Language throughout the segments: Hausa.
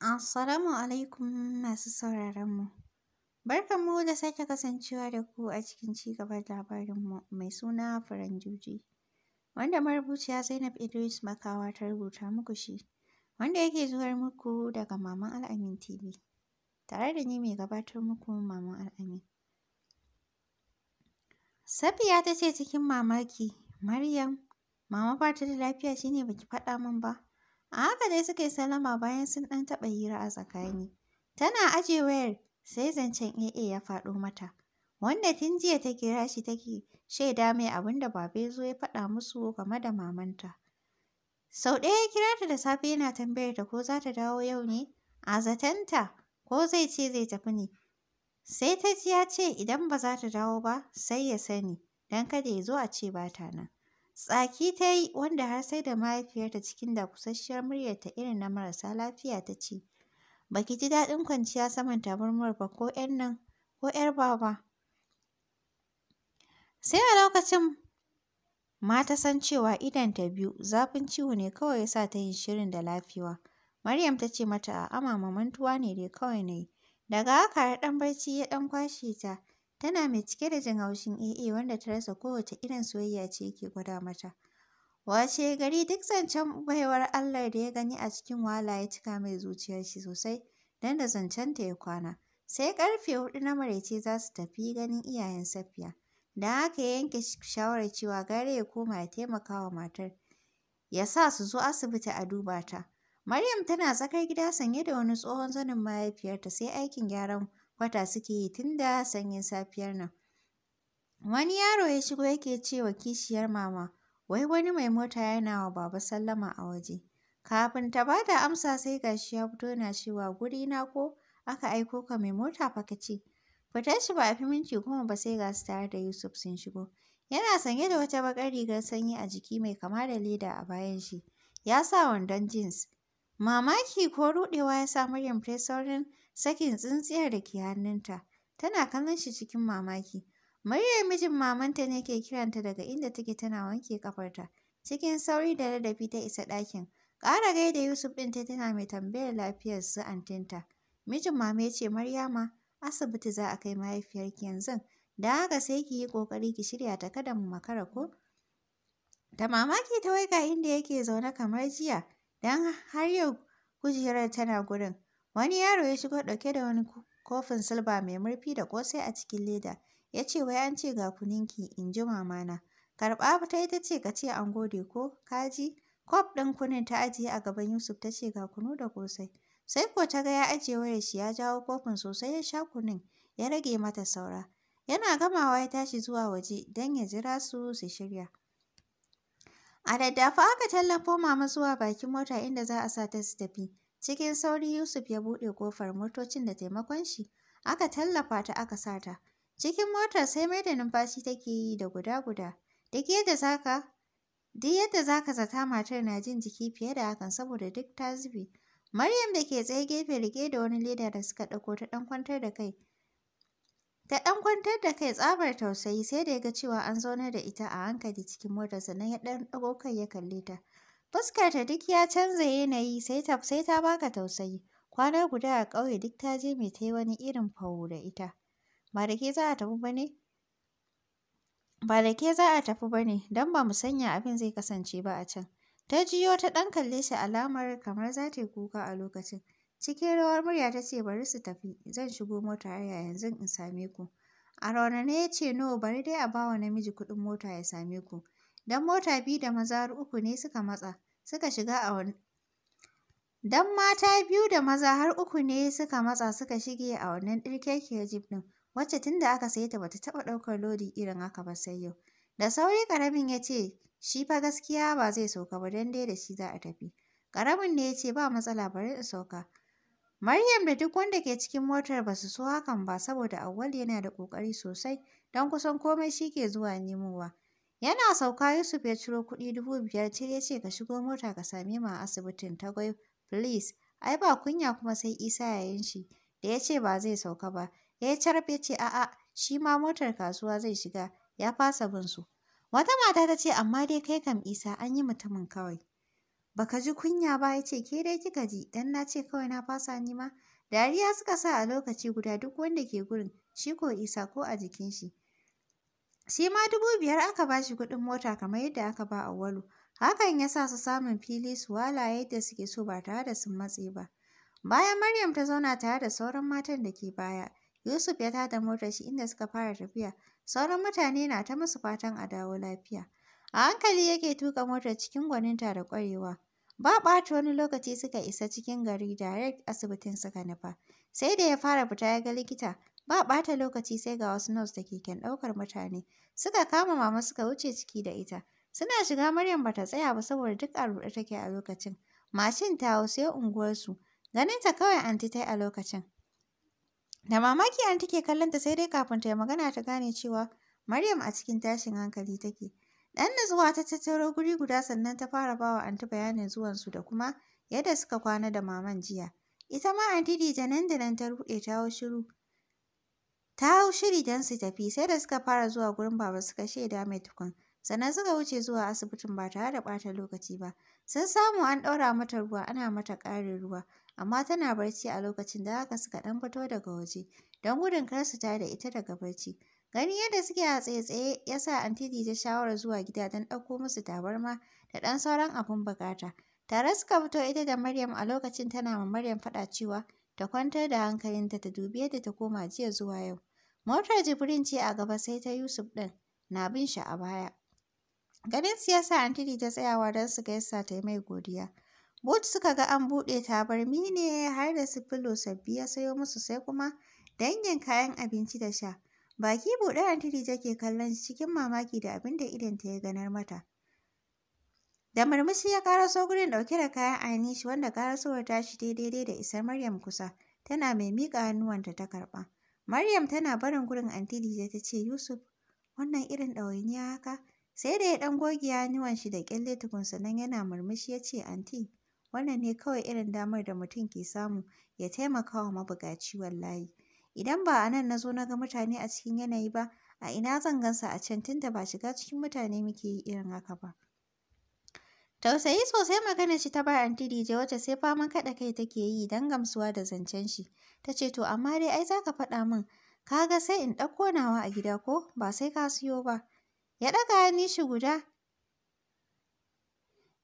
Assalamu alaikum masu sauraron mu. Barkanmu da sake kasancewa da ku a cikin cigaban labarinmu mai suna furen juji. Wanda marubuciya Zainab Idris Makawa ta rubuta muku shi, wanda yake zuwar muku daga Maman Al'amin TV. Tare da ni mai gabatar muku Maman Al'amin. Safiya ta ce cikin mamaki, Maryam, mama ba ta da lafiya shine baki faɗa min ba. A haka dai suka yi salama bayan sun ɗan taɓa hira a tsakani. Tana aje wayar sai zancen AA ya faɗo mata. Wanda tun jiya ta kira shi take shaida mai abin da babe zo ya faɗa musu game da mamanta. Sau ɗaya ya kira ta da safe yana tambayar ta ko za ta dawo yau ne, a zatanta ko zai ce zai tafi ne. Sai ta ji ya ce idan ba za ta dawo ba sai ya sani don kada ya zo a ce ba ta nan. Tsaki ta yi, wanda har sai da mahaifiyarta cikin da kusasshiyar muryarta irin na marasa lafiya ta ce, “Ba ki ji daɗin kwanciya saman tabarmar ba ko ‘yan nan, ko ‘yar Baba?” Sai a lokacin ma ta san cewa idonta biyu, zafin ciwo ne kawai ya sa ta yi shirin da lafiya. Maryam ta ce mata, “A'a Mama, mantuwa ne dai kawai na yi.” Daga haka har ɗan barci ya ɗan kwashe ta. Tana mai cike da jin haushin AA wanda ta rasa kowace irin soyayya ce yake gwada mata. Washe gari duk zancen baiwar Allah da ya gani a cikin wahala ya cika mai zuciyar shi sosai don da zancen ta ya kwana. Sai karfe hudu na maraice za su tafi ganin iyayen Safiya. Da haka ya yanke shawarar cewa gare ya koma ya taimaka wa matar. Ya sa su zo asibiti a duba ta. Maryam tana tsakar gida sanye da wani tsohon zanin mahaifiyarta sai aikin gyaran wata suke yi tun da sanyin safiyar nan. Wani yaro ya shigo yake ce wa kishiyar mama, wai wani mai mota yana wa baba sallama a waje. Kafin ta ba da amsa sai gashi ya fito na cewa guri na ko aka aiko ka mai mota fa ka ce. Fitar shi ba a fi minti goma ba sai ga su tare da Yusuf sun shigo. Yana sanye da wata baƙar rigar sanyi a jiki mai kama da leda a bayan shi. Ya sa wandon jeans. Mamaki ko ruɗewa ya sa Maryam ta sakin tsintsiyar da ke hannunta. Tana kallon shi cikin mamaki. Muryar mijin mamanta ne ke kiranta daga inda take tana wanke kafarta. Cikin sauri da ladabi ta isa ɗakin. Ƙara gaida Yusuf ɗin ta tana mai tambayar lafiyar su antinta. Mijin mama ya ce, Maryama, asibiti za a kai mahaifiyarki yanzu. Da haka sai ki yi ƙoƙari ki shirya ta kada mu makara ko? Da mamaki ta waiga inda yake zaune kamar jiya, don har yau kujerar tana gurin. Wani yaro ya shigo ɗauke da wani kofin silba mai murfi da kosai a cikin leda. Ya ce wai an ce ga kuninki, in ji mamana. Karɓa ta yi ta ce ka ce an gode ko, kaji?' ji? Kwaf ɗin kunin ta ajiye a gaban Yusuf ta ce ga kunu da kosai Sai ko ta ga ya ajiye wayar shi ya jawo kofin sosai ya sha kunun, ya rage mata saura. Yana gamawa ya tashi zuwa waje don ya jira su su shirya. A daddafa aka tallafo mama zuwa bakin mota inda za a sa ta su tafi. Cikin sauri Yusuf ya buɗe ƙofar motocin da taimakon shi, aka tallafa ta aka sa ta. Cikin motar sai mai da numfashi take yi da guda-guda. Duk yadda za Duk yadda zaka zata matar na jin jiki fiye da hakan saboda duk ta zube. Maryam da ke tsaye gefe rike da wani leda da suka ɗauko ta ɗan kwantar da kai. Ta ɗan kwantar da kai tsabar tausayi sai da ya ga cewa an zaunar da ita a hankali cikin motar sannan ya ɗan ɗago kai ya kalle ta. Fuskarta duk ya canza yanayi sai ta sai ta baka tausayi. Kwana guda a ƙauye duk ta je mai ta wani irin fawo da ita. Ba da ke za a tafi ba ne? Ba da ke za a tafi ba ne, don ba mu sanya abin zai kasance ba a can. Ta jiyo ta ɗan kalle shi alamar kamar za ta yi kuka a lokacin. Cikin rawar murya ta ce bari su tafi, zan shigo mota haya yanzu in same ku. A raunane ya ce no bari dai a ba wa namiji kuɗin mota ya same ku. Don mota biyu da maza uku ne suka matsa. suka shiga a wani. Dan mata biyu da maza har uku ne suka matsa suka shige a wannan ɗirkekiyar jeep ɗin, wacce tun da aka saye ta bata taɓa ɗaukar lodi irin haka ba sai yau. Da sauri ƙaramin ya ce, shi fa gaskiya ba zai sauka ba don dai da shi za a tafi. Ƙaramin ne ya ce ba matsala bari in sauka. Maryam da duk wanda ke cikin motar ba su so hakan ba saboda Auwalu yana da ƙoƙari sosai don kusan komai shi ke zuwa nemowa. Yana sauka Yusuf ya ciro kuɗi dubu biyar tir ya ce ka shigo mota ka sami mu a asibitin Tagwai please. Ai ba kunya kuma sai Isa ya yin shi da ya ce ba zai sauka ba. Ya yi carab ya ce a'a shi ma motar kasuwa zai shiga ya fasa bin su. Wata mata ta ce amma dai kai kam Isa an yi mutumin kawai. Baka ji kunya ba ya ce ke dai kika ji dan na ce kawai na fasa ni ma. Dariya suka sa a lokaci guda duk wanda ke gurin shi ko Isa ko a jikin shi. Shi ma dubu biyar aka ba shi kuɗin mota kamar yadda aka ba Auwalu. Hakan ya sa su samun fili su walaye yadda suke so ba tare da sun matse ba. Bayan Maryam ta zauna tare da sauran matan da ke baya, Yusuf ya tada motar shi inda suka fara tafiya. Sauran mutane na ta musu fatan a dawo lafiya. A hankali yake tuka motar cikin gwaninta da ƙwarewa. Ba ɓata wani lokaci suka isa cikin gari direct asibitin suka nufa. Sai da ya fara fita ya ga likita, Ba ɓata lokaci sai ga wasu nos da keken ɗaukar mutane. Suka kama mama suka wuce ciki da ita. Suna shiga Maryam bata tsaya ba saboda duk a ruɗe take a lokacin. Mashin ta hau sai unguwarsu. Ganinta kawai anti tai a lokacin. Da mamaki anti ke ta sai dai kafin ta yi magana ta gane cewa Maryam a cikin tashin hankali take. Ɗan nutsuwa ta tattaro guri guda sannan ta fara ba wa anti bayanin zuwan su da kuma yadda suka kwana da maman jiya. Ita ma anti Dija nan da nan ta ruɗe ta hau shiru. Ta hau shiri don su tafi sai da suka fara zuwa gurin baba suka shaida mai tukun. Sannan suka wuce zuwa asibitin ba tare da ɓata lokaci ba. Sun samu an ɗaura mata ruwa ana mata ƙarin ruwa. Amma tana barci a lokacin da haka suka ɗan fito daga waje don gudun kar su da ita daga barci. Gani yadda suke a tsaye-tsaye ya sa Antidi ta shawarar zuwa gida don ɗauko musu tabarma da ɗan sauran abin bukata Tare suka fito ita da Maryam a lokacin tana ma Maryam faɗa cewa ta kwantar da hankalinta ta dubi yadda ta koma jiya zuwa yau. Motar Jibrin ce a gaba sai ta Yusuf ɗin na bin shi a baya. Ganin siyasa Antidi ta tsayawa don su gaisa ta yi mai godiya. But suka ga an buɗe tabarmi ne har da su filo sabbi ya sayo musu sai kuma dangin kayan abinci da sha. Baki buɗe Antidi take kallon cikin mamaki da abin da idonta ya ganar mata. Da murmushi ya so gurin ɗauke da kayan shi wanda ta tashi daidai da isar Maryam kusa, tana mai miƙa hannuwanta ta karɓa. Maryam tana barin gurin anti Dije ta ce Yusuf, wannan irin ya haka? Sai da ya ɗan goge hannuwan shi da ƙyalle tukunsa nan yana murmushi ya ce anti, wannan ne kawai irin damar da mutum ke samu ya taimaka wa mabuƙaci wallahi. Idan ba a nan na zo na ga mutane a cikin yanayi ba, a ina zan gansa a can tunda ba shiga cikin mutane muke yi irin haka ba. Tausayi sosai maganar shi ta bar anti Dije wacce sai faman kaɗa kai take yi don gamsuwa da zancen shi. Ta ce to amma dai ai za ka faɗa min, ka ga sai in ɗauko nawa a gida ko ba sai ka siyo ba. Ya ɗaga hannun shi guda.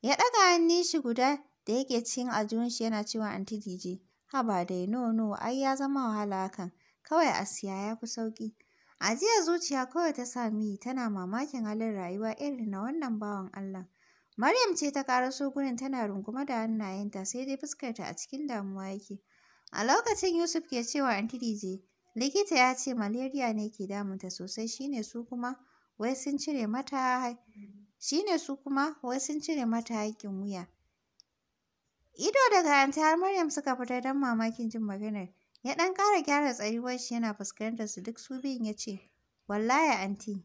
Ya ɗaga hannu shi guda da yake cikin aljihun shi yana cewa anti Dije, haba dai no no ai ya zama wahala hakan, kawai a siya ya fi sauƙi. Ajiya zuciya kawai ta sami tana mamakin halin rayuwa irin na wannan bawan Allah. Maryam ce ta ƙara gurin tana rungume da hannayenta sai dai fuskarta a cikin damuwa yake. A lokacin Yusuf ke cewa anti Dije, likita ya ce malaria ne ke damunta sosai shine su kuma wai sun cire mata shine su kuma wai sun cire mata haƙƙin wuya. Ido daga anti har Maryam suka fita don mamakin jin maganar. Ya ɗan ƙara gyara tsayuwar shi yana fuskantar su duk su biyun ya ce, Wallahi anti,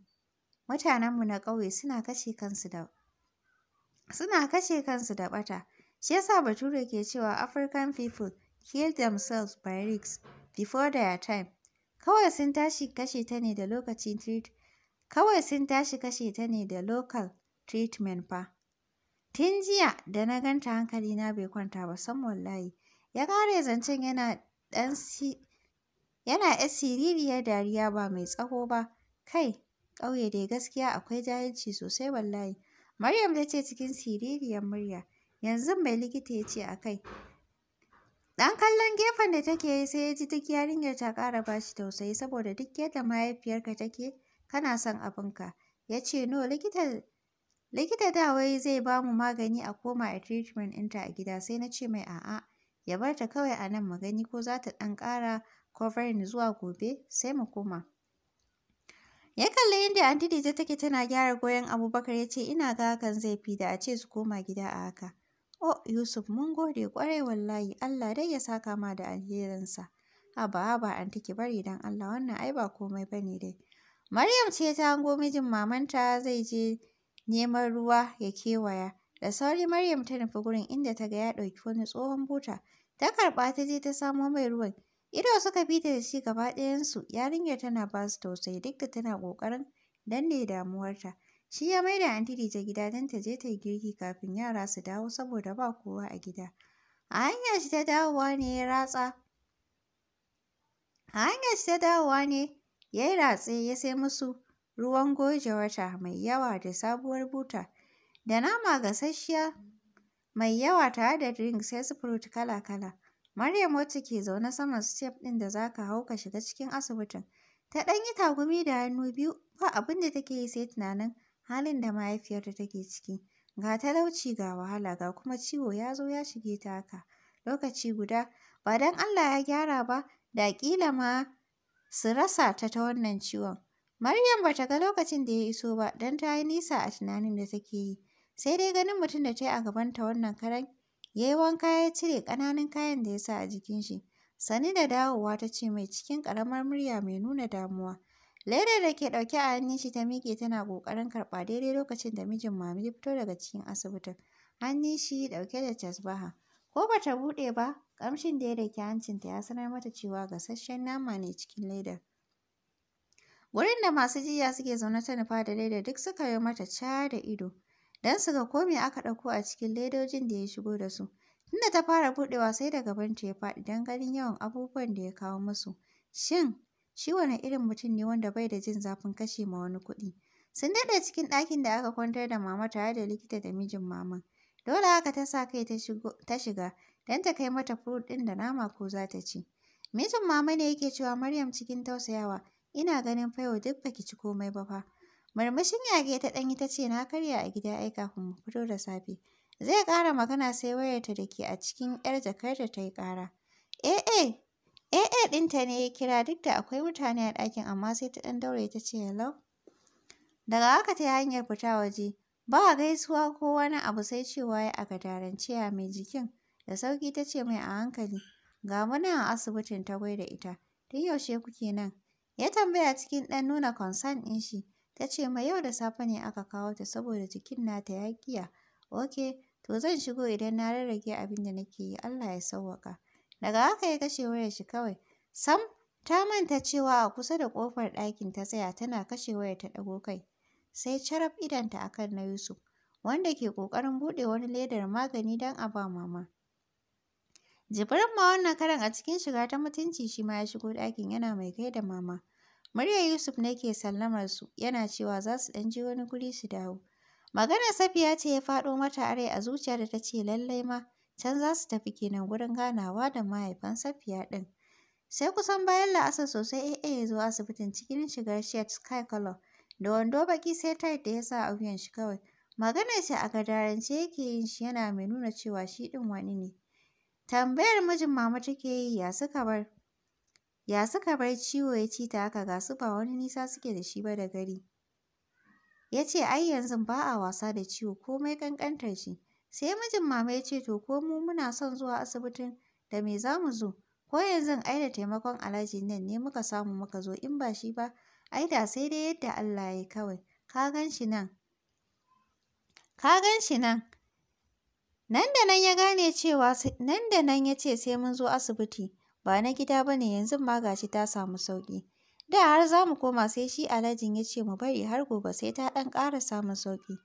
mutanenmu na ƙauye suna kashe kansu da suna kashe kansu da bata Shi yasa Bature ke cewa African people kill themselves by rigs before their time. Kawai sun tashi kashe ta ne da lokacin treat Kawai sun tashi kashe ta ne da local treatment fa. Tun jiya da na ganta hankali na bai kwanta ba san wallahi. Ya kare zancen yana ɗan si yana ‘yar siririyar dariya ba mai tsaho ba. Kai, ƙauye dai gaskiya akwai jahilci sosai wallahi. Maryam ta ce cikin siririyar murya, yanzu mai likita ya ce a kai. Ɗan kallon gefen da take yi sai ya ji duk yarinyar ta ƙara ba shi tausayi saboda duk yadda mahaifiyarka take kana son abinka. Ya ce no likita likita da wai zai ba mu magani a koma a treatment ɗinta a gida sai na ce mai a'a ya bar ta kawai a nan mu gani ko za ta ɗan ƙara covering zuwa gobe sai mu koma. Ya kalli yadda Anti ta take tana gyara goyon Abubakar ya ce ina ga hakan zai fi da a ce su koma gida a haka. Oh Yusuf mun gode kwarai wallahi Allah dai ya saka ma da alherinsa. Haba haba Anti ki bari dan Allah wannan ai ba komai bane dai. Maryam ce ta hango mijin mamanta zai je neman ruwa ya kewaya. Da sauri Maryam ta nufi gurin inda ta ga ya ɗauki wani tsohon buta. Ta karɓa ta je ta samo mai ruwan. Ido suka bi da shi gaba ɗayansu, yarinyar tana ba su tausayi duk da tana ƙoƙarin danne damuwarta. Shi ya mai da Anti Dija gida don ta je ta yi girki kafin yara su dawo saboda ba kowa a gida. A hanya shi ta dawowa ne ya ratsa. A hanyar shi ta dawowa ne ya yi ratse ya sai musu ruwan goje wata mai yawa da sabuwar buta da nama gasasshiya mai yawa tare da drink sai su fruit kala-kala. Maryam wacce ke zaune saman step ɗin da za ka hau ka shiga cikin asibitin, ta ɗan yi tagumi da hannu biyu ba abin da take yi sai tunanin halin da mahaifiyarta take ciki. Ga talauci ga wahala ga kuma ciwo ya zo ya shige ta haka. Lokaci guda ba don Allah ya gyara ba da ƙila ma su rasa ta ta wannan ciwon. Maryam ba ta ga lokacin da ya iso ba don ta yi nisa a tunanin da take yi. Sai dai ganin mutum da ta yi a gabanta wannan karen Ya yi wanka ya cire ƙananan kayan da ya sa a jikin shi. Sani da dawowa ta ce mai cikin ƙaramar murya mai nuna damuwa. Ledar da ke ɗauke a hannun shi ta miƙe tana ƙoƙarin karɓa daidai lokacin da mijin mami ya fito daga cikin asibitin. Hannun shi ɗauke da tasbaha. Ko ba ta buɗe ba, ƙamshin da ya dake hancinta ya sanar mata cewa gasasshen nama ne cikin ledar. Wurin da masu jiya suke zaune ta nufa da leda duk suka yi mata ca da ido. don su ga ko me aka ɗauko a cikin ledojin da ya shigo da su. Tunda ta fara buɗewa sai da gabanta ya faɗi don ganin yawan abubuwan da ya kawo musu. Shin shi wane irin mutum ne wanda bai da jin zafin kashe ma wani kuɗi? Sun daɗe cikin ɗakin da aka kwantar da mama tare da likita da mijin maman. Dole haka ta sa kai ta shiga don ta kai mata furut ɗin da nama ko za ta ci. Mijin mama ne yake cewa Maryam cikin tausayawa, ina ganin fa yau duk baki ci komai ba fa. Murmushin yage ta ɗanyi ta ce na karya a gida ai kafin mu fito da safe. Zai ƙara magana sai wayarta da ke a cikin 'yar jakarta ta yi ƙara. AA eh, AA eh, eh, ɗinta ne ya kira duk da akwai mutane a ɗakin amma sai ta ɗan daure ta ce hello. Daga haka ta hanyar fita waje ba gaisuwa ko wani abu sai cewa ya a gadarance ya mai jikin da sauƙi ta ce mai a hankali. Ga muna a asibitin ta da ita. Tun yaushe kuke nan? Ya tambaya cikin ɗan nuna concern ɗin shi. Ta ce mai yau da safe ne aka kawo ta saboda jikin nata ya kiya. Oke, to zan shigo idan na rarrage abin da nake yi Allah ya sauwaka. Daga haka ya kashe wayar shi kawai. Sam ta manta cewa a kusa da ƙofar ɗakin ta tsaya tana kashe wayar ta ɗago kai. Sai carab a kan na Yusuf, wanda ke ƙoƙarin buɗe wani ledar magani don a ba mama. Jibrin ma wannan karan a cikin shiga ta mutunci shi ma ya shigo ɗakin yana mai da mama. Muryar Yusuf ne ke sallamar su, yana cewa za su ɗan je wani guri su dawo. Maganar Safiya ce ya faɗo mata a rai a zuciya da ta ce lallai ma can za su tafi kenan gurin ganawa da mahaifan Safiya ɗin. Sai kusan bayan la'asa sosai AA ya zo asibitin cikin shigar shirt sky color da wando baki sai tight da ya sa a wuyan shi kawai. Maganar shi a gadarance yake yin shi yana mai nuna cewa shi ɗin wani ne. Tambayar mijin mama take yi ya suka bar. Ya suka bar ciwo ya ci ta haka ga su ba wani nisa suke da shi ba da gari. Ya ce ai yanzu ba a wasa da ciwo komai ƙanƙantar shi. Sai mijin mama ya ce to ko mu muna son zuwa asibitin da me za mu zo? Ko yanzu ai da taimakon alhaji nan ne muka samu muka zo in ba shi ba ai da sai dai yadda Allah ya yi kawai. Ka gan shi nan. Ka gan shi nan. Nan da nan ya gane cewa nan da nan ya ce sai mun zo asibiti. ba na gida ba ne yanzu ma gashi ta samu sauƙi. Da har za mu koma sai shi alhajin ya ce mu bari har gobe sai ta ɗan ƙara samun sauƙi.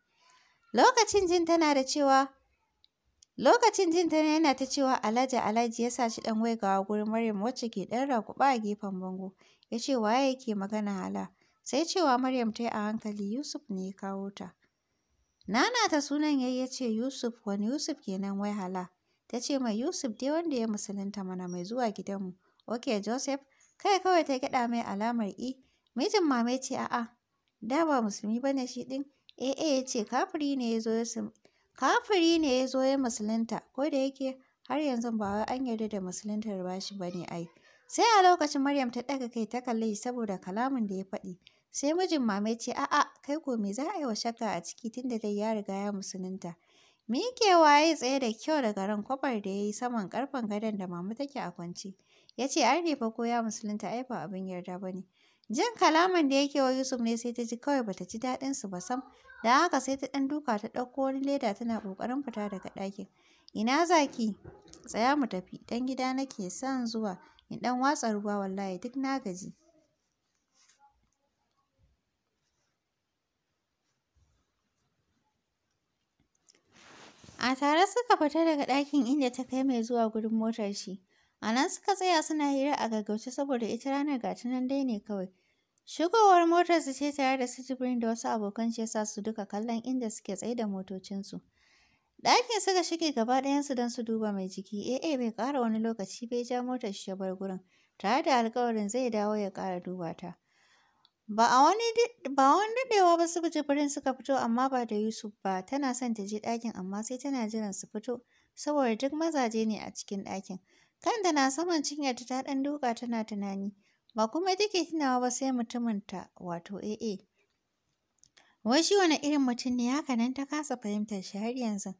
Lokacin jin tana da cewa Lokacin jin tana yana ta cewa alhaji alhaji ya sa shi ɗan waigawa gurin Maryam wacce ke ɗan rakuɓa a gefen bango. Ya ce waye yake magana hala. Sai cewa Maryam ta yi a hankali Yusuf ne ya kawo ta. Nana ta sunan yayi ya ce Yusuf wani Yusuf kenan wai hala. ta ce mai Yusuf dai wanda ya musulunta mana mai zuwa gidanmu. Ok Joseph, kai kawai ta gyaɗa mai alamar i. E. Mijin mamai ce a'a, da ba musulmi ba ne shi ɗin. Ee eh, eh, ya ce kafiri ne ya zo ya musulunta ko da yake har yanzu ba wai an yarda da musuluntar ba shi ba ne ai. Sai a lokacin Maryam ta ɗaga kai ta kalli saboda kalamin da ya faɗi. Sai mijin mame ce a'a kai ko me za a yi wa shakka a ciki tunda dai ya riga ya musulunta. Miƙewa ya yi tsaye da kyau daga ran rankwabar da ya yi saman ƙarfen gadon da Mama take a kwance. Ya ce arne fa ko ya musulunta ai ba abin yarda ba ne. Jin kalaman da yake wa Yusuf ne sai ta ji kawai bata ji daɗin su ba sam. Da haka sai ta ɗan duka ta ɗauko wani leda tana ƙoƙarin fita daga ɗakin. Ina zaki? Tsaya mu tafi, ɗan gida nake son zuwa. In ɗan watsa ruwa wallahi duk na gaji. A tare suka fita daga ɗakin inda ta kai mai zuwa gurin motar shi. A nan suka tsaya suna hira a gaggauce saboda ita ranar ga ta nan dai ne kawai. Shigowar motar su ce tare da sitibirin da wasu abokan ya sa su duka kallon inda suke tsaye da motocinsu. Ɗakin suka shige gaba ɗayansu don su duba mai jiki. AA eh, eh, bai ƙara wani lokaci bai ja motar shi ya bar gurin. Tare da alƙawarin zai dawo ya ƙara duba ta. Ba a wani daɗewa ba su Jibrin suka fito amma ba da Yusuf ba, tana son ta je ɗakin amma sai tana jiran su fito, saboda duk mazaje ne a cikin ɗakin. Kanta na saman cinyarta ta ɗan duka tana tunani, ba kuma take tunawa ba sai mutuminta wato AA. Wai shi wani irin mutum ne haka nan ta kasa fahimtar shi har yanzu.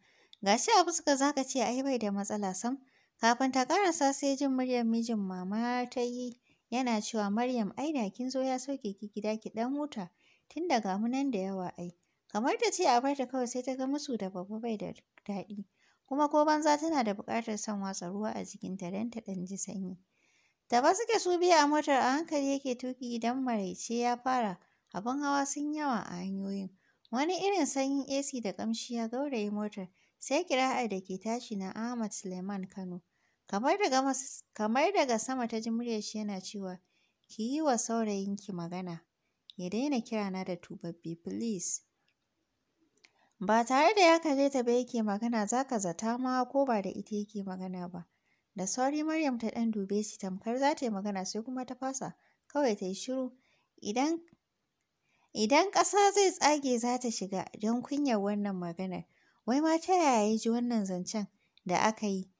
Ga shi a fuska za ce ai bai da matsala sam, kafin ta karasa sai jin muryar mijin mama ta yi. yana cewa Maryam ai da kin zo ya sauke ki gida ki dan huta tun daga mu nan da yawa ai. Kamar ta ce a bar kawai sai ta ga musu da babba bai da daɗi. Kuma ko banza tana da buƙatar son watsa ruwa a jikin ta dan ta ɗan ji sanyi. Da ba suke su biya a motar a hankali yake tuki idan maraice ya fara abin hawa sun yawa a hanyoyin. Wani irin sanyin AC da ƙamshi ya gauraye motar sai kira da ke tashi na Ahmad Suleiman Kano. Kamar daga, kamar daga sama ta ji shi yana cewa, ki yi wa ki magana, ya daina kirana da tubabbi please. Ba tare da ya kalle ta ba yake magana za ka zata ma ko ba da ita yake magana ba. Da sauri Maryam ta ɗan dube shi tamkar za ta yi magana sai kuma ta fasa kawai ta yi shiru. Idan Idan ƙasa zai tsage za ta shiga don kunyar wannan maganar, wai ma ta yaya ya ji wannan zancen da aka yi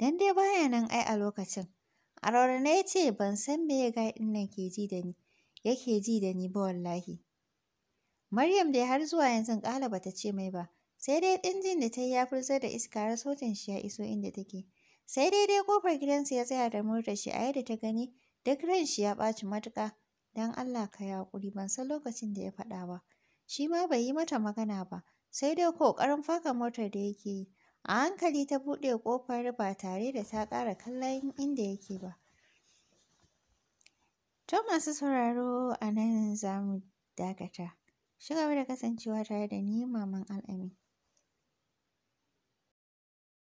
don dai baya nan ai a lokacin. A na ya ce ban san me ya ga nan ke ji da ni yake ji da ni ba wallahi. Maryam dai har zuwa yanzu ƙala ta ce mai ba, sai dai ɗinjin da ta yi ya furzar da iska har sautin shi ya iso inda take. Sai dai dai kofar gidansa ya tsaya da murda shi a yadda ta gani duk ran shi ya ɓaci matuƙa. Don Allah ka yi haƙuri ban san lokacin da ya faɗa ba. Shi ma bai yi mata magana ba, sai dai ƙoƙarin faka motar da yake yi. A hankali ta buɗe ƙofar ba tare da ta ƙara kallon inda yake ba. To masu sauraro a nan za mu dakata. Shiga da kasancewa tare da ni Maman Al'amin.